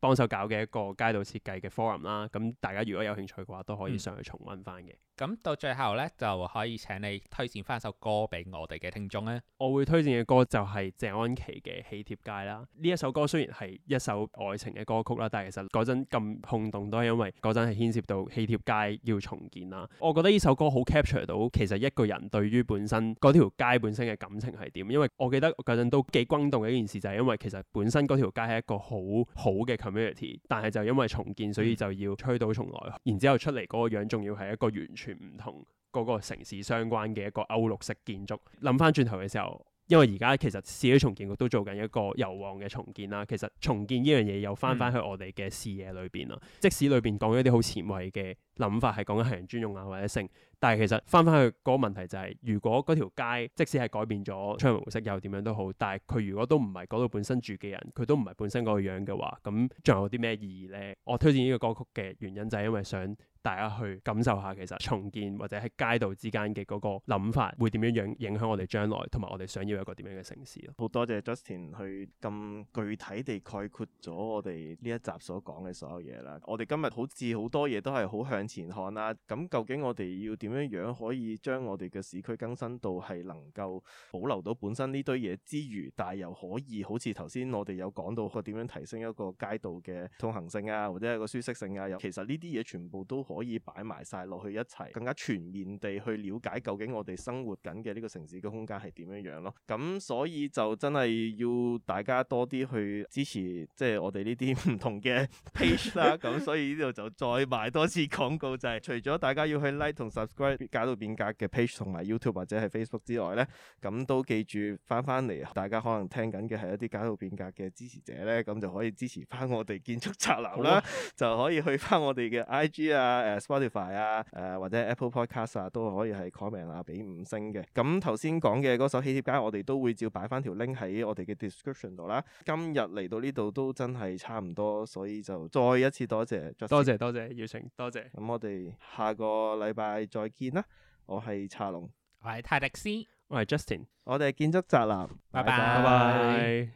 幫手搞嘅一個街道設計嘅 forum 啦。咁、嗯、大家如果有興趣嘅話，都可以上去重溫翻嘅。咁到最後咧，就可以請你推薦翻一首歌俾我哋嘅聽眾咧。我會推薦嘅歌就係謝安琪嘅《囍帖街》啦。呢一首歌雖然係一首愛情嘅歌曲啦，但係其實嗰陣咁轟動都係因為嗰陣係牽涉到囍帖街要重建啦。我覺得呢首歌好 capture 到其實一個人對於本身嗰條街本身嘅感情係點。因為我記得嗰陣都幾轟動嘅一件事就係因為其實本身嗰條街係一個好好嘅 community，但係就因為重建，所以就要吹到重來，然之後出嚟嗰個樣仲要係一個完全。全唔同嗰個城市相關嘅一個歐陸式建築。諗翻轉頭嘅時候，因為而家其實市區重建局都做緊一個油旺嘅重建啦。其實重建呢樣嘢又翻翻去我哋嘅視野裏邊啦。嗯、即使裏邊講咗啲好前衞嘅諗法係講緊行人專用啊，或者性，但係其實返返去嗰個問題就係、是，如果嗰條街即使係改變咗窗入模式又點樣都好，但係佢如果都唔係嗰度本身住嘅人，佢都唔係本身嗰個樣嘅話，咁仲有啲咩意義呢？我推薦呢個歌曲嘅原因就係因為想大家去感受下，其實重建或者喺街道之間嘅嗰個諗法會點樣影影響我哋將來同埋我哋想要一個點樣嘅城市咯。好多謝 Justin 去咁具體地概括咗我哋呢一集所講嘅所有嘢啦。我哋今日好似好多嘢都係好向，前看啦，咁究竟我哋要點樣樣可以將我哋嘅市區更新到係能夠保留到本身呢堆嘢之餘，但係又可以好似頭先我哋有講到個點樣提升一個街道嘅通行性啊，或者係個舒適性啊，又其實呢啲嘢全部都可以擺埋晒落去一齊，更加全面地去了解究竟我哋生活緊嘅呢個城市嘅空間係點樣樣咯。咁所以就真係要大家多啲去支持，即係我哋呢啲唔同嘅 page 啦。咁 *laughs* 所以呢度就再賣多次講。廣告就係除咗大家要去 like 同 subscribe 街道變革嘅 page 同埋 YouTube 或者係 Facebook 之外咧，咁都記住翻翻嚟，大家可能聽緊嘅係一啲街道變革嘅支持者咧，咁就可以支持翻我哋建築宅男啦，的就可以去翻我哋嘅 IG 啊、誒、啊、Spotify 啊、誒、啊、或者 Apple Podcast 啊，都可以係 comment 啊，俾五星嘅。咁頭先講嘅嗰首喜帖街，我哋都會照擺翻條 link 喺我哋嘅 description 度啦。今日嚟到呢度都真係差唔多，所以就再一次謝多謝，多謝多謝，邀請，多謝。咁我哋下個禮拜再見啦！我係茶龍，我係泰迪斯，我係 Justin，我哋係建築宅男，拜拜 bye，拜拜。